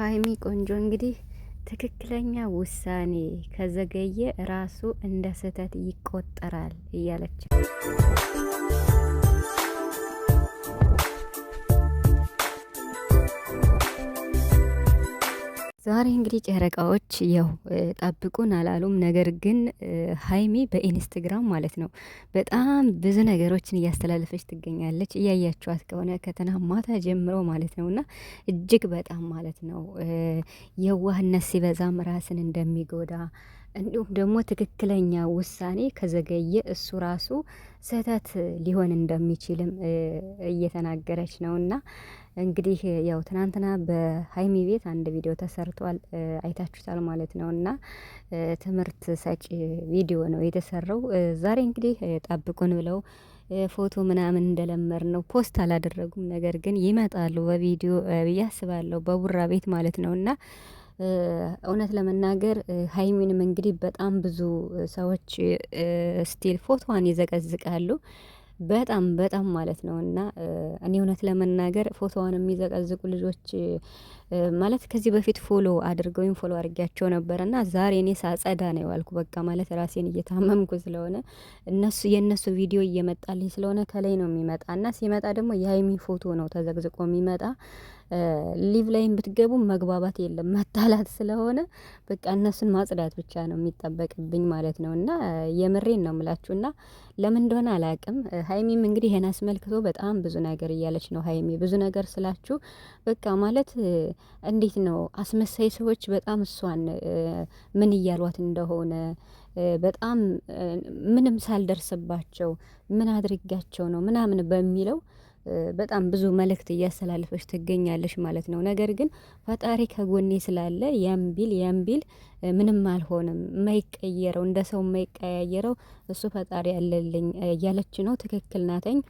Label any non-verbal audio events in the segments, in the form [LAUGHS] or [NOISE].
ሀይሚ ቆንጆ እንግዲህ ትክክለኛ ውሳኔ ከዘገየ ራሱ እንደ ስህተት ይቆጠራል እያለች ዛሬ እንግዲህ ጨረቃዎች ያው ጠብቁን አላሉም። ነገር ግን ሀይሚ በኢንስትግራም ማለት ነው በጣም ብዙ ነገሮችን እያስተላለፈች ትገኛለች። እያያችኋት ከሆነ ከተና ማታ ጀምሮ ማለት ነው እና እጅግ በጣም ማለት ነው የዋህነት ሲበዛም ራስን እንደሚጎዳ እንዲሁም ደግሞ ትክክለኛ ውሳኔ ከዘገየ እሱ ራሱ ስህተት ሊሆን እንደሚችልም እየተናገረች ነው። እና እንግዲህ ያው ትናንትና በሀይሚ ቤት አንድ ቪዲዮ ተሰርቷል፣ አይታችሁታል ማለት ነው። እና ትምህርት ሰጪ ቪዲዮ ነው የተሰራው። ዛሬ እንግዲህ ጠብቁን ብለው ፎቶ ምናምን እንደለመር ነው ፖስት አላደረጉም፣ ነገር ግን ይመጣሉ በቪዲዮ ብዬ አስባለሁ፣ በቡራ ቤት ማለት ነው እና እውነት ለመናገር ሀይሚንም እንግዲህ በጣም ብዙ ሰዎች ስቲል ፎቶዋን ይዘቀዝቃሉ። በጣም በጣም ማለት ነው። እና እኔ እውነት ለመናገር ፎቶዋን የሚዘቀዝቁ ልጆች ማለት ከዚህ በፊት ፎሎ አድርገው ወይም ፎሎ አድርጊያቸው ነበረ እና ዛሬ እኔ ሳጸዳ ነው የዋልኩ። በቃ ማለት ራሴን እየታመምኩ ስለሆነ እነሱ የእነሱ ቪዲዮ እየመጣልኝ ስለሆነ ከላይ ነው የሚመጣ እና ሲመጣ ደግሞ የሀይሚ ፎቶ ነው ተዘግዝቆ የሚመጣ ሊቭ ላይም ብትገቡ መግባባት የለም መጣላት ስለሆነ በቃ እነሱን ማጽዳት ብቻ ነው የሚጠበቅብኝ ማለት ነው። እና የምሬን ነው የምላችሁ። እና ለምን እንደሆነ አላቅም። ሀይሚም እንግዲህ ይሄን አስመልክቶ በጣም ብዙ ነገር እያለች ነው። ሀይሚ ብዙ ነገር ስላችሁ በቃ ማለት እንዴት ነው አስመሳይ ሰዎች በጣም እሷን ምን እያሏት እንደሆነ በጣም ምንም ሳልደርስባቸው ምን አድርጋቸው ነው ምናምን በሚለው በጣም ብዙ መልእክት እያስተላለፈች ትገኛለች ማለት ነው። ነገር ግን ፈጣሪ ከጎኔ ስላለ ያም ቢል ምንም አልሆንም። የማይቀየረው እንደ ሰው የማይቀያየረው እሱ ፈጣሪ ያለልኝ እያለች ነው። ትክክል ናተኝ።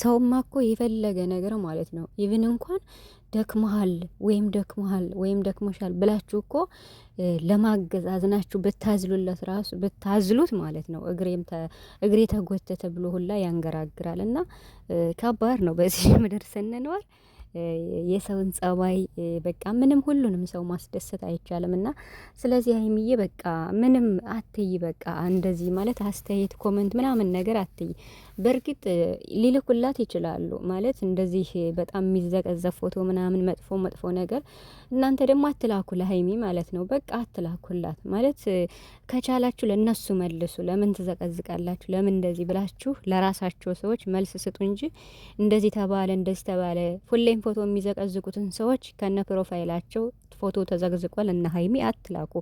ሰውማ እኮ የፈለገ ነገር ማለት ነው ኢቭን እንኳን ደክመሃል ወይም ደክመሃል ወይም ደክመሻል ብላችሁ እኮ ለማገዝ አዝናችሁ ብታዝሉለት ራሱ ብታዝሉት ማለት ነው እግሬም እግሬ ተጎተተ ብሎ ሁላ ያንገራግራል። እና ከባድ ነው በዚህ [LAUGHS] ምድር ስንኖር። የሰውን ጸባይ በቃ ምንም ሁሉንም ሰው ማስደሰት አይቻልም። እና ስለዚህ ሀይሚዬ በቃ ምንም አትይ፣ በቃ እንደዚህ ማለት አስተያየት፣ ኮመንት ምናምን ነገር አትይ። በእርግጥ ሊልኩላት ይችላሉ ማለት እንደዚህ በጣም የሚዘቀዘ ፎቶ ምናምን መጥፎ መጥፎ ነገር እናንተ ደግሞ አትላኩ ለሀይሚ ማለት ነው። በቃ አትላኩላት ማለት ከቻላችሁ ለእነሱ መልሱ። ለምን ትዘቀዝቃላችሁ? ለምን እንደዚህ ብላችሁ ለራሳቸው ሰዎች መልስ ስጡ እንጂ እንደዚህ ተባለ እንደዚህ ተባለ ሁሌ ፎቶ የሚዘቀዝቁትን ሰዎች ከነ ፕሮፋይላቸው ፎቶ ተዘግዝቋል እና ሀይሚ አትላኩ።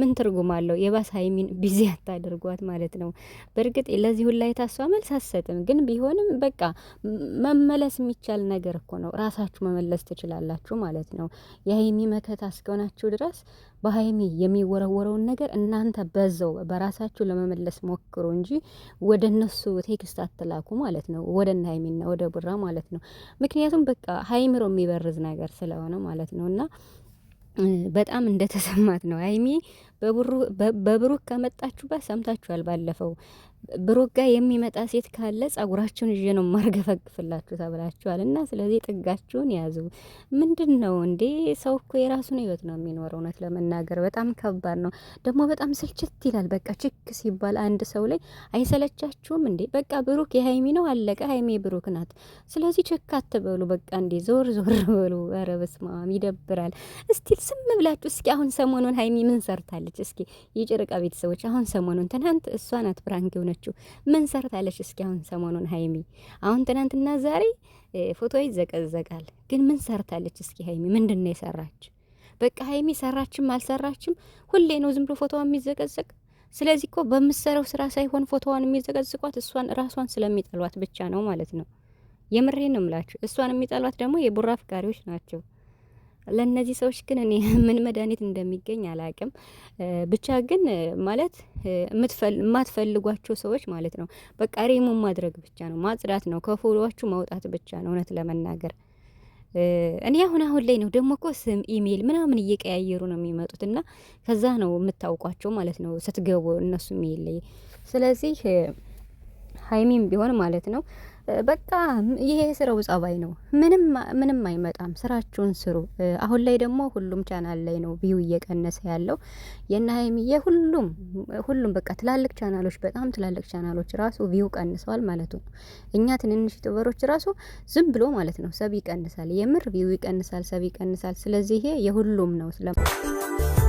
ምን ትርጉም አለው? የባስ ሀይሚን ቢዚ አታድርጓት ማለት ነው። በእርግጥ ለዚህ ሁላ የታሷ መልስ አሰጥም፣ ግን ቢሆንም በቃ መመለስ የሚቻል ነገር እኮ ነው። ራሳችሁ መመለስ ትችላላችሁ ማለት ነው። የሀይሚ መከታ እስከሆናችሁ ድረስ በሀይሚ የሚወረወረውን ነገር እናንተ በዛው በራሳችሁ ለመመለስ ሞክሩ እንጂ ወደ እነሱ ቴክስት አትላኩ ማለት ነው። ወደ እነ ሀይሚና ወደ ቡራ ማለት ነው። ምክንያቱም በቃ ሀይምሮ የሚበርዝ ነገር ስለሆነ ማለት ነው እና በጣም እንደተሰማት ነው። አይሚ በብሩክ ከመጣችሁባት ሰምታችኋል። ባለፈው ብሮጋ የሚመጣ ሴት ካለ ጸጉራችሁን ይዤ ነው ማርገፈግፍላችሁ ተብላችኋል። እና ስለዚህ ጥጋችሁን ያዙ። ምንድን ነው እንዴ? ሰው እኮ የራሱን ህይወት ነው የሚኖረው። እውነት ለመናገር በጣም ከባድ ነው። ደግሞ በጣም ስልችት ይላል። በቃ ችክ ሲባል አንድ ሰው ላይ አይሰለቻችሁም እንዴ? በቃ ብሩክ የሀይሚ ነው አለቀ። ሀይሚ ብሩክ ናት። ስለዚህ ችክ አትበሉ። በቃ እንዴ ዞር ዞር [LAUGHS] በሉ። ኧረ በስመ አብ ይደብራል። እስቲ ስም ብላችሁ እስኪ አሁን ሰሞኑን ሀይሚ ምን ሰርታለች? እስኪ የጨረቃ ቤተሰቦች አሁን ሰሞኑን ትናንት እሷ ናት የሆነ የሆነችው? ምን ሰርታለች? እስኪ አሁን ሰሞኑን ሀይሚ አሁን ትናንትና ዛሬ ፎቶ ይዘቀዘቃል፣ ግን ምን ሰርታለች? እስኪ ሀይሚ ምንድን ነው የሰራች? በቃ ሀይሚ ሰራችም አልሰራችም ሁሌ ነው ዝም ብሎ ፎቶዋ የሚዘቀዘቅ። ስለዚህ እኮ በምሰረው ስራ ሳይሆን ፎቶዋን የሚዘቀዝቋት እሷን ራሷን ስለሚጠሏት ብቻ ነው ማለት ነው። የምሬን ነው ምላችሁ። እሷን የሚጠሏት ደግሞ የቡራ አፍቃሪዎች ናቸው። ለእነዚህ ሰዎች ግን እኔ [LAUGHS] ምን መድኃኒት እንደሚገኝ አላቅም። ብቻ ግን ማለት የማትፈልጓቸው ሰዎች ማለት ነው። በቃ ሪሙን ማድረግ ብቻ ነው፣ ማጽዳት ነው፣ ከፎሎዋችሁ ማውጣት ብቻ ነው። እውነት ለመናገር እኔ አሁን አሁን ላይ ነው ደግሞ እኮ ስም ኢሜይል ምናምን እየቀያየሩ ነው የሚመጡት እና ከዛ ነው የምታውቋቸው ማለት ነው ስትገቡ እነሱ ኢሜይል ላይ። ስለዚህ ሀይሚም ቢሆን ማለት ነው በቃ ይሄ ስራው ጸባይ ነው። ምንም ምንም አይመጣም። ስራችሁን ስሩ። አሁን ላይ ደግሞ ሁሉም ቻናል ላይ ነው ቪው እየቀነሰ ያለው የእነ ሀይሚዬ ሁሉም ሁሉም በቃ ትላልቅ ቻናሎች በጣም ትላልቅ ቻናሎች ራሱ ቪው ቀንሰዋል ማለት ነው። እኛ ትንንሽ ዩቱበሮች ራሱ ዝም ብሎ ማለት ነው ሰብ ይቀንሳል፣ የምር ቪው ይቀንሳል፣ ሰብ ይቀንሳል። ስለዚህ ይሄ የሁሉም ነው ስለ